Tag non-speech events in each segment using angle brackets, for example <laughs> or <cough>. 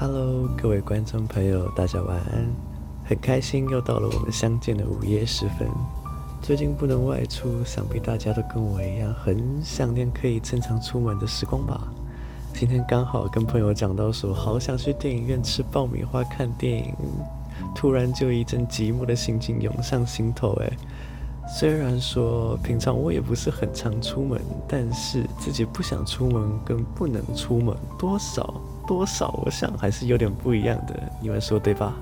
Hello，各位觀眾朋友，大家晚安。很開心又到了我們相見的午夜時分。最近不能外出，想必大家都跟我一樣很想念可以正常出門的時光吧？今天剛好跟朋友講到說，好想去電影院吃爆米花、看電影，突然就一陣寂寞的心情湧上心頭。誒，雖然說平常我也不是很常出門，但是自己不想出門，跟不能出門，多少。多少，我想還是有點不一樣的，你們說對吧？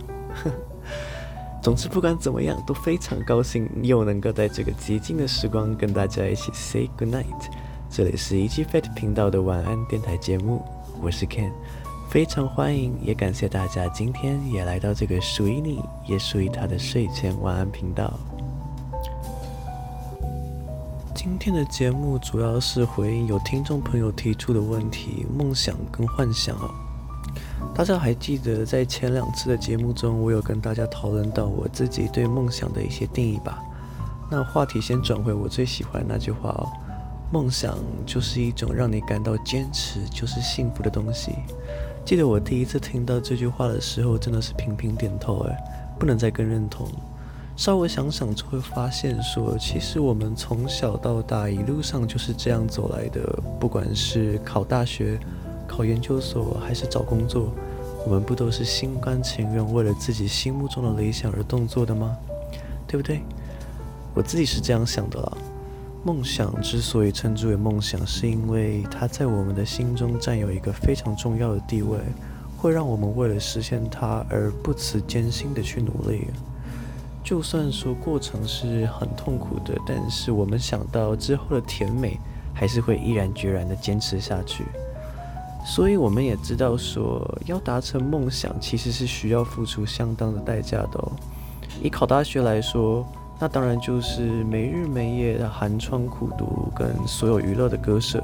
<laughs> 總之，不管怎麼樣，都非常高興又能夠在這個寂靜的時光跟大家一起 say good night。這裡是 ichi fat 頻道的晚安電台節目，我是 Ken，非常歡迎，也感謝大家今天也來到這個屬於你，也屬於他的睡前晚安頻道。今天的節目主要是回應有聽眾朋友提出的問題，夢想跟幻想哦。大家還記得在前兩次的節目中，我有跟大家討論到我自己對夢想的一些定義吧？那話題先轉回我最喜歡那句話哦：夢想就是一種讓你感到堅持就是幸福的東西。記得我第一次聽到這句話的時候，真的是頻頻點頭哎，不能再更認同。稍微想想就會發現說，其實我們從小到大一路上就是這樣走來的。不管是考大學、考研究所，還是找工作，我們不都是心甘情願為了自己心目中的理想而動作的嗎？對不對？我自己是這樣想的啦。夢想之所以稱之為夢想，是因為它在我們的心中佔有一個非常重要的地位，會讓我們為了實現它而不辭艱辛的去努力。就算說過程是很痛苦的，但是我們想到之後的甜美，還是會毅然決然的堅持下去。所以我們也知道說，要達成夢想其實是需要付出相當的代價的哦。以考大學來說，那當然就是沒日沒夜的寒窗苦讀跟所有娛樂的割捨。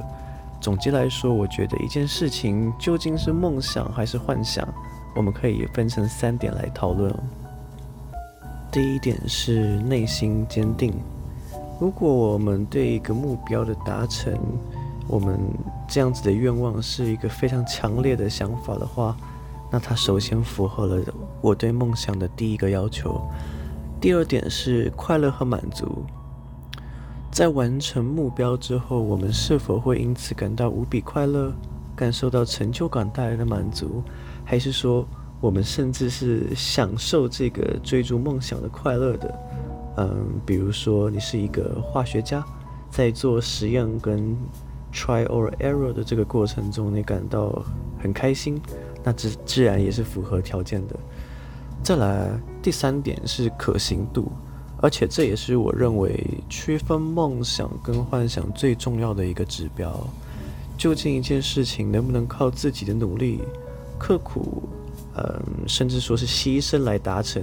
總結來說，我覺得一件事情究竟是夢想還是幻想，我們可以分成三點來討論哦。第一點是內心堅定。如果我們對一個目標的達成，我們這樣子的願望是一個非常強烈的想法的話，那它首先符合了我對夢想的第一個要求。第二點是快樂和滿足。在完成目標之後，我們是否會因此感到無比快樂，感受到成就感帶來的滿足，還是說？我們甚至是享受這個追逐夢想的快樂的，嗯，比如說你是一個化學家，在做實驗跟 try or error 的這個過程中，你感到很開心，那自自然也是符合條件的。再來第三點是可行度，而且這也是我認為區分夢想跟幻想最重要的一個指標。究竟一件事情能不能靠自己的努力、刻苦？嗯，甚至說是犧牲來達成，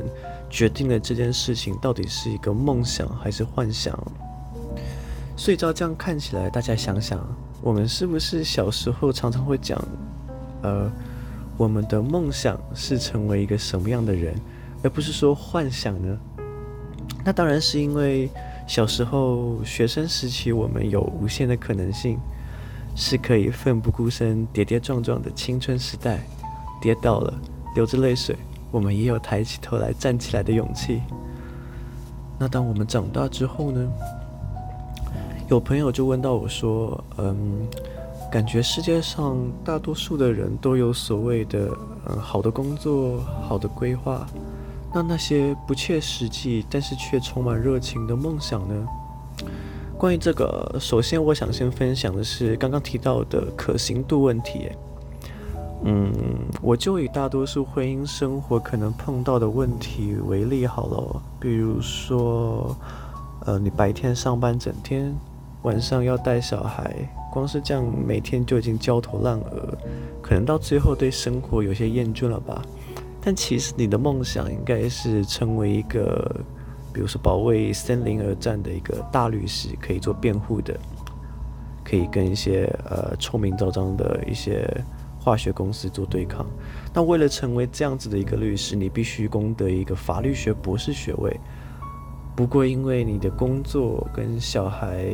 決定了這件事情到底是一個夢想還是幻想。所以照這樣看起來，大家想想，我們是不是小時候常常會講，呃，我們的夢想是成為一個什麼樣的人，而不是說幻想呢？那當然是因為小時候學生時期我們有無限的可能性，是可以奮不顧身、跌跌撞撞的青春時代，跌倒了。流着淚水，我們也有抬起頭來站起來的勇氣。那當我們長大之後呢？有朋友就問到我說：“嗯，感覺世界上大多數的人都有所謂的嗯，好的工作、好的規劃。那那些不切實際，但是卻充滿熱情的夢想呢？”關於這個，首先我想先分享的是剛剛提到的可行度問題。嗯。我就以大多數婚姻生活可能碰到的問題為例好了，比如說，呃，你白天上班整天，晚上要帶小孩，光是這樣每天就已經焦頭爛額，可能到最後對生活有些厭倦了吧？但其實你的夢想應該是成為一個，比如說保衛森林而戰的一個大律師，可以做辯護的，可以跟一些呃，臭名昭彰的一些。化學公司做對抗，那為了成為這樣子的一個律師，你必須攻得一個法律學博士學位。不過，因為你的工作跟小孩，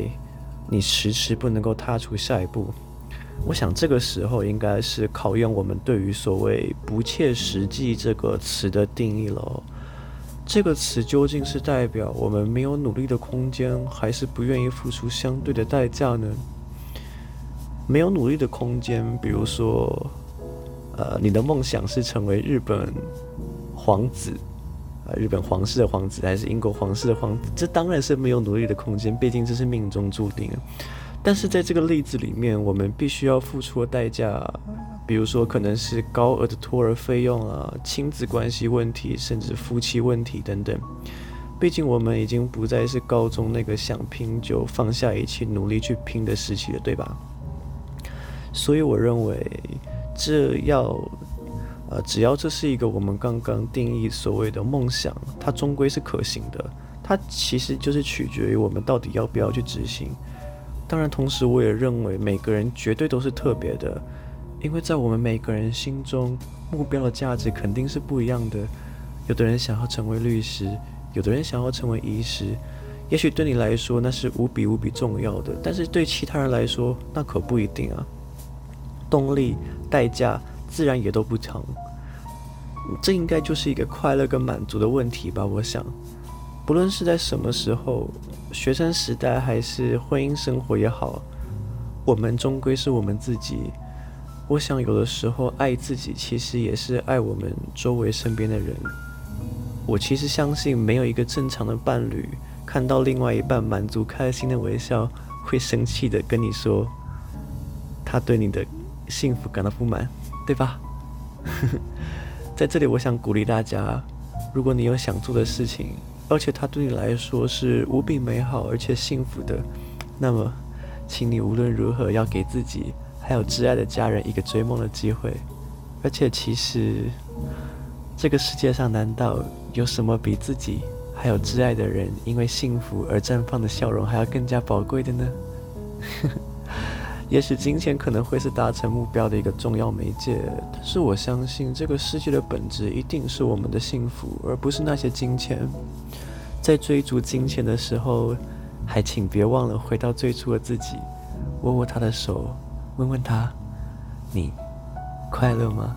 你遲遲不能夠踏出下一步。我想這個時候應該是考驗我們對於所謂“不切實際”這個詞的定義了。這個詞究竟是代表我們沒有努力的空間，還是不願意付出相對的代價呢？沒有努力的空間，比如說，呃，你的夢想是成為日本皇子，呃，日本皇室的皇子，還是英國皇室的皇子？這當然是沒有努力的空間，畢竟這是命中注定啊。但是在這個例子裡面，我們必須要付出的代價，比如說可能是高額的托兒費用啊、親子關係問題，甚至夫妻問題等等。畢竟我們已經不再是高中那個想拼就放下一切努力去拼的時期了，對吧？所以我認為，這要，呃，只要這是一個我們剛剛定義所謂的夢想，它終歸是可行的。它其實就是取決於我們到底要不要去執行。當然，同時我也認為每個人絕對都是特別的，因為在我們每個人心中，目標的價值肯定是不一樣的。有的人想要成為律師，有的人想要成為醫師，也許對你來說那是無比無比重要的，但是對其他人來說，那可不一定啊。動力、代價自然也都不同，這應該就是一個快樂跟滿足的問題吧。我想，不論是在什麼時候，學生時代還是婚姻生活也好，我們終歸是我們自己。我想，有的時候愛自己，其實也是愛我們周圍身邊的人。我其實相信，沒有一個正常的伴侶看到另外一半滿足、開心的微笑，會生氣的跟你說，他對你的。幸福感到不滿，對吧？ <laughs> 在這裡，我想鼓勵大家：如果你有想做的事情，而且它對你來說是無比美好而且幸福的，那麼，請你無論如何要給自己還有摯愛的家人一個追夢的機會。而且，其實這個世界上，難道有什麼比自己還有摯愛的人因為幸福而綻放的笑容還要更加寶貴的呢？ <laughs> 也許金錢可能會是達成目標的一個重要媒介，但是我相信這個世界的本質一定是我們的幸福，而不是那些金錢。在追逐金錢的時候，還請別忘了回到最初的自己，握握他的手，問問他：你快樂嗎？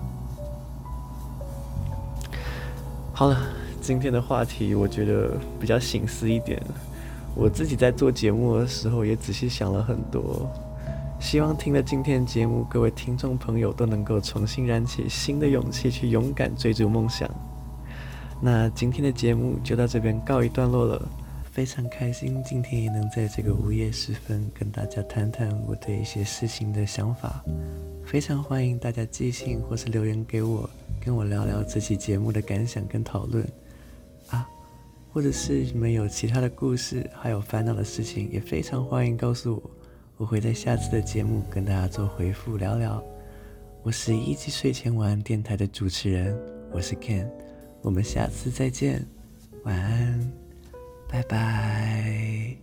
好了，今天的話題我覺得比較省思一點，我自己在做節目的時候也仔細想了很多。希望聽了今天的節目，各位聽眾朋友都能夠重新燃起新的勇氣，去勇敢追逐夢想。那今天的節目就到這邊告一段落了，非常開心今天也能在這個午夜時分跟大家談談我對一些事情的想法。非常歡迎大家寄信或是留言給我，跟我聊聊這期節目的感想跟討論。啊，或者是你們有其他的故事，還有煩惱的事情，也非常歡迎告訴我。我會在下次的節目跟大家做回復，聊聊。我是一級睡前晚安電台的主持人，我是 Ken，我們下次再見，晚安，拜拜。